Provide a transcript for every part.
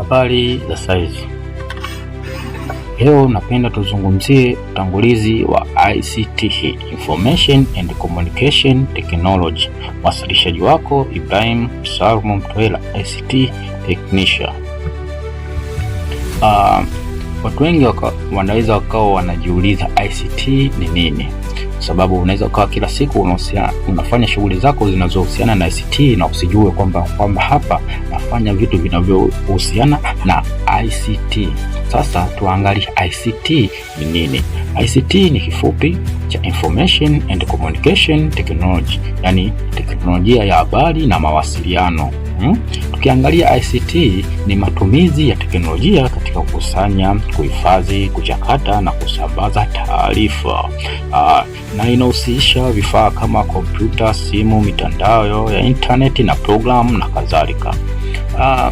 Habari za saizi. Leo napenda tuzungumzie utangulizi wa ICT, Information and Communication Technology. Mwasilishaji wako Ibrahim salmo Mtwela, ICT Technician. Uh, watu wengi wanaweza wakawa wanajiuliza ICT ni nini? sababu unaweza ukawa kila siku unahusia, unafanya shughuli zako zinazohusiana na ICT na usijue kwamba kwamba hapa nafanya vitu vinavyohusiana na ICT. Sasa tuangalie ICT ni nini. ICT ni kifupi cha Information and Communication Technology, yani teknolojia ya habari na mawasiliano. Hmm? Tukiangalia ICT ni matumizi ya teknolojia katika kukusanya, kuhifadhi, kuchakata na kusambaza taarifa. ah, na inahusisha vifaa kama kompyuta, simu, mitandao ya intaneti na programu na kadhalika. ah,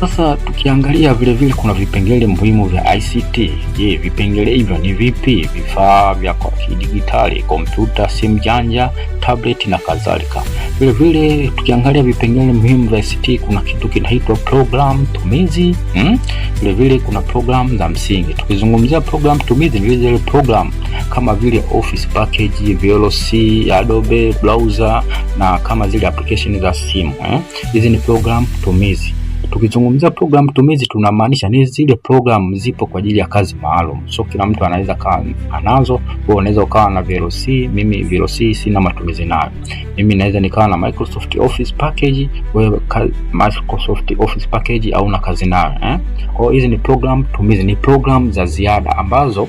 sasa tukiangalia vile vile kuna vipengele muhimu vya ICT. Je, vipengele hivyo ni vipi? Vifaa vya kidigitali, kompyuta, simu janja, tablet na kadhalika. Vile vile tukiangalia vipengele muhimu vya ICT, kuna kitu kinaitwa program tumizi hmm? Vile vile kuna program za msingi. Tukizungumzia program tumizi ni zile program kama vile Office package, VLC, Adobe browser na kama zile application za simu eh? Hizi ni program tumizi. Tukizungumzia program tumizi tunamaanisha ni zile program zipo kwa ajili ya kazi maalum, so kila mtu anaweza kawa anazo. Wewe unaweza ukawa na VLC, mimi VLC sina matumizi nayo. Mimi naweza nikawa na Microsoft Office package, wewe Microsoft Office package au na kazi nayo eh? Kwa hizi ni program tumizi, ni program za ziada ambazo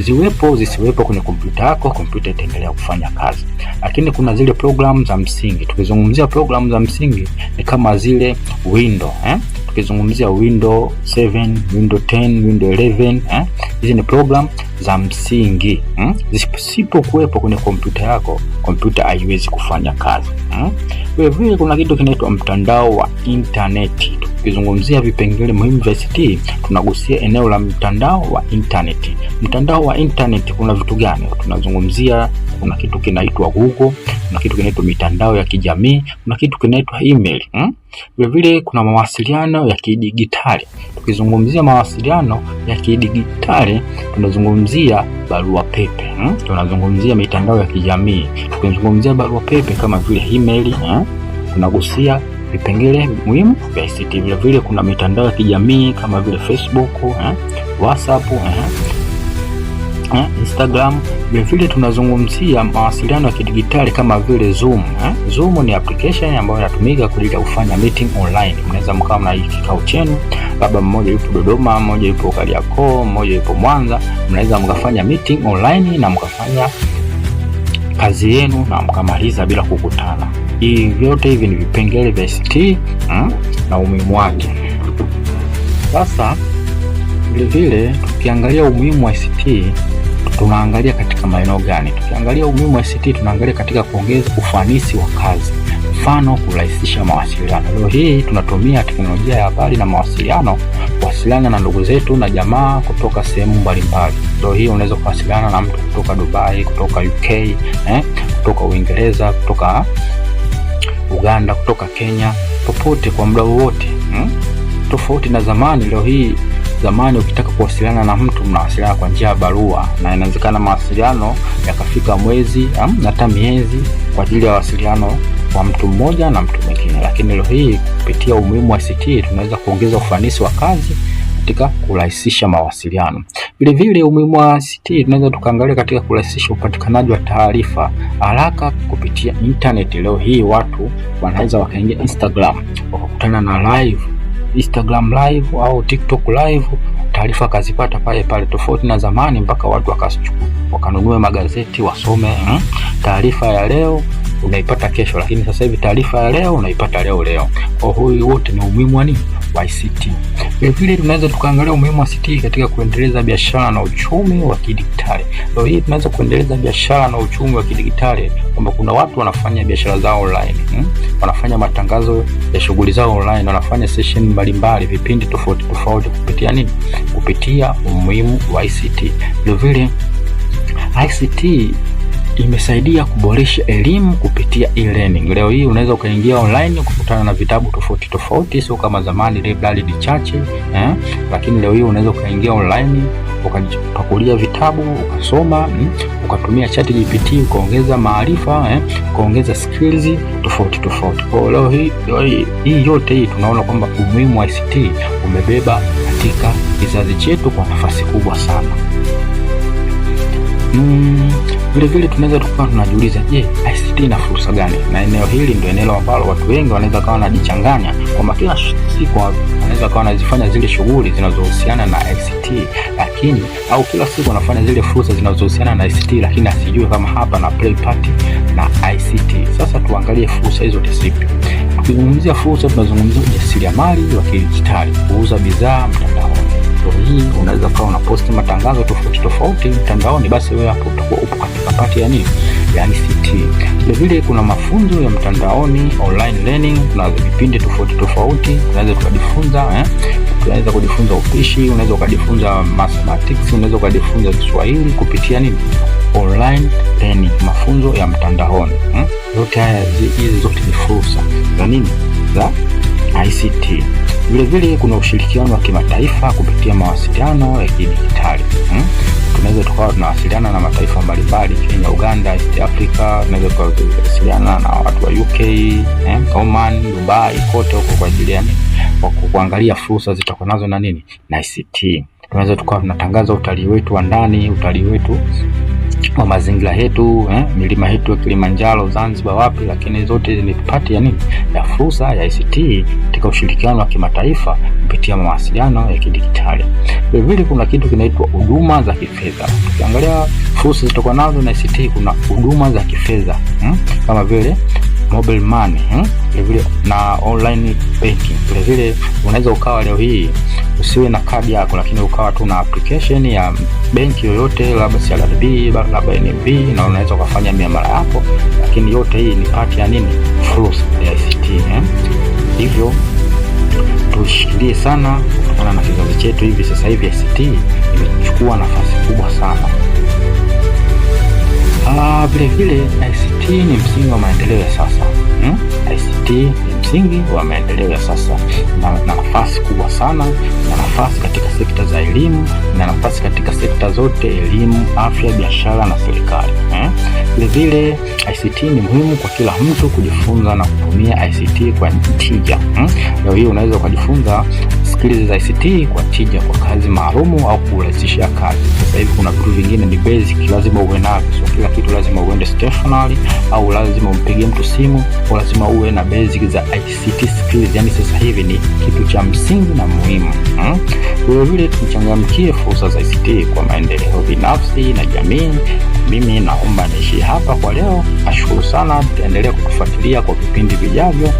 ziwepo zisiwepo kwenye kompyuta yako, kompyuta itaendelea kufanya kazi. Lakini kuna zile program za msingi. Tukizungumzia program za msingi ni kama zile window eh? tukizungumzia Windows 7, Windows 10, Windows 11 eh? Hizi ni program za msingi hmm? Zisipokuwepo kwenye kompyuta yako, kompyuta haiwezi kufanya kazi hmm? Eh? Vilevile kuna kitu kinaitwa mtandao wa intaneti. Tukizungumzia vipengele muhimu vya ICT, tunagusia eneo la mtandao wa intaneti. Mtandao wa intaneti kuna vitu gani tunazungumzia? Kuna kitu kinaitwa Google, kuna kitu kinaitwa mitandao ya kijamii, kuna kitu kinaitwa email hmm? Vilevile kuna mawasiliano ya kidigitali. Tukizungumzia mawasiliano ya kidigitali, tunazungumzia barua pepe hmm? tunazungumzia mitandao ya kijamii, tukizungumzia barua pepe kama vile email hmm? tunagusia vipengele muhimu vya ICT. Vile vile kuna mitandao ya kijamii kama vile Facebook, eh, WhatsApp, eh, eh, Instagram. Vile vile tunazungumzia mawasiliano ya kidigitali kama vile Zoom, eh. Zoom ni application ambayo inatumika kwa ajili ya kufanya meeting online. Mnaweza mkawa na kikao chenu labda mmoja yupo Dodoma, mmoja yupo Kariakoo, mmoja yupo Mwanza, mnaweza mkafanya meeting online na mkafanya kazi yenu na mkamaliza bila kukutana. Hii vyote hivi ni vipengele vya ICT hmm, na umuhimu wake. Sasa vilevile tukiangalia umuhimu wa ICT tunaangalia katika maeneo gani? Tukiangalia umuhimu wa ICT tunaangalia katika kuongeza ufanisi wa kazi, mfano kurahisisha mawasiliano. Leo hii tunatumia teknolojia ya habari na mawasiliano kuwasiliana na ndugu zetu na jamaa kutoka sehemu mbalimbali. Leo hii unaweza kuwasiliana na mtu kutoka Dubai, kutoka UK eh, kutoka Uingereza, kutoka Uganda, kutoka Kenya, popote kwa muda wowote hmm? Tofauti na zamani. Leo hii, zamani ukitaka kuwasiliana na mtu mnawasiliana kwa njia ya barua, na inawezekana mawasiliano yakafika mwezi hmm, na hata miezi kwa ajili ya wasiliano kwa mtu mmoja na mtu mwingine, lakini leo hii kupitia umuhimu wa ICT tunaweza kuongeza ufanisi wa kazi katika kurahisisha mawasiliano. Vilevile umuhimu wa ICT tunaweza tukaangalia katika kurahisisha upatikanaji wa taarifa haraka kupitia internet. Leo hii watu wanaweza wakaingia Instagram wakakutana na live Instagram live au TikTok live, taarifa kazipata pale pale, tofauti na zamani mpaka watu wakachukua wakanunue magazeti wasome. Hmm, taarifa ya leo unaipata kesho, lakini sasa hivi taarifa ya leo unaipata leo leo. Kwa huyu wote ni umuhimu wa nini ICT. Vilevile tunaweza tukaangalia umuhimu wa CT e katika kuendeleza biashara na uchumi wa kidigitali. Leo hii tunaweza kuendeleza biashara na uchumi wa kidigitali kwamba kuna watu wanafanya biashara zao online hmm? wanafanya matangazo ya shughuli zao online, wanafanya session mbalimbali, vipindi tofauti tofauti kupitia nini? Kupitia umuhimu wa ICT. Vilevile ICT imesaidia kuboresha elimu kupitia e-learning. Leo hii unaweza ukaingia online ukakutana na vitabu tofauti tofauti, sio kama zamani library ni chache eh? Lakini leo hii unaweza ukaingia online ukapakulia vitabu ukasoma, mm? ukatumia chat GPT ukaongeza maarifa eh? ukaongeza skills tofauti tofauti. Kwa leo hii, hii, hii yote hii tunaona kwamba umuhimu wa ICT umebeba katika kizazi chetu kwa nafasi kubwa sana mm. Vilevile tunaweza tukawa tunajiuliza, je, ICT ina fursa gani? Na eneo hili ndio eneo ambalo watu wengi wanaweza kawa wanajichanganya kwamba kila siku wanaweza kawa wanazifanya zile shughuli zinazohusiana na ICT lakini, au kila siku wanafanya zile fursa zinazohusiana na ICT lakini asijue kama hapa na play party na ICT. Sasa tuangalie fursa hizo tisipi. Tukizungumzia fursa, tunazungumzia ujasiriamali wa kidijitali, kuuza bidhaa mtandao hii unaweza ukawa unaposti matangazo tofauti tofauti mtandaoni, basi wewe hapo utakuwa upo katika pati ya nini yani e CT. Vile vile kuna mafunzo ya mtandaoni online learning, kuna vipindi tofauti tofauti unaweza kujifunza eh? Unaweza kujifunza upishi, unaweza kujifunza mathematics, unaweza kujifunza Kiswahili kupitia nini online learning, mafunzo ya mtandaoni hmm? Zote haya hizi zote ni fursa za nini za ICT. Vilevile kuna ushirikiano wa kimataifa kupitia mawasiliano ya kidijitali hmm? Tunaweza tukawa tunawasiliana na mataifa mbalimbali, Kenya, Uganda, East Africa. Tunaweza tukawasiliana na watu wa UK eh, hmm? Oman, Dubai, kote huko kwa ajili ya kuangalia fursa zitakuwa nazo na nini na ICT. Tunaweza tukawa tunatangaza utalii wetu wa ndani, utalii wetu wa mazingira yetu eh, milima yetu ya Kilimanjaro, Zanzibar, wapi, lakini zote ni pati ya nini, ya fursa ya ICT katika ushirikiano wa kimataifa kupitia mawasiliano ya kidijitali. Vilevile kuna kitu kinaitwa huduma za kifedha. Ukiangalia fursa zilizokuwa nazo na ICT, kuna huduma za kifedha hmm? kama vile mobile money eh, hmm? vilevile na online banking. Vilevile unaweza ukawa leo hii usiwe na kadi yako, lakini ukawa tu na application ya benki yoyote, labda CRDB, labda NMB, na unaweza ukafanya miamala yako, lakini yote hii ni part ya nini, fursa ya ICT eh. Hmm? Hivyo tushikilie sana, kutokana na kizazi chetu hivi sasa hivi ICT imechukua nafasi kubwa sana. Ah, ICT ni msingi wa maendeleo ya sasa hmm? ICT ni msingi wa maendeleo ya sasa na, na nafasi kubwa sana na nafasi katika sekta za elimu na nafasi katika sekta zote: elimu, afya, biashara na serikali hmm? vile ICT ni muhimu kwa kila mtu kujifunza na kutumia ICT kwa tija hmm? Leo hii unaweza ukajifunza skills za ICT kwa tija kwa kazi maalumu au kurahisisha kazi. Sasa hivi kuna vitu vingine ni basic, lazima uwe navyo, So kila kitu lazima uende stationary au lazima umpigie mtu simu, au lazima uwe na basic za ICT skills. Yani sasa hivi ni kitu cha msingi na muhimu. Vilevile hmm? tuchangamkie fursa za ICT kwa maendeleo binafsi na jamii. Mimi naomba niishie hapa kwa leo. Nashukuru sana, tutaendelea kutufuatilia kwa vipindi vijavyo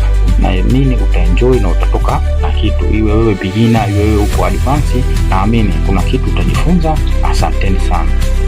naamini utaenjoy na utatoka na kitu, iwe wewe beginner, iwe wewe uko advance, naamini kuna kitu utajifunza. Asanteni sana.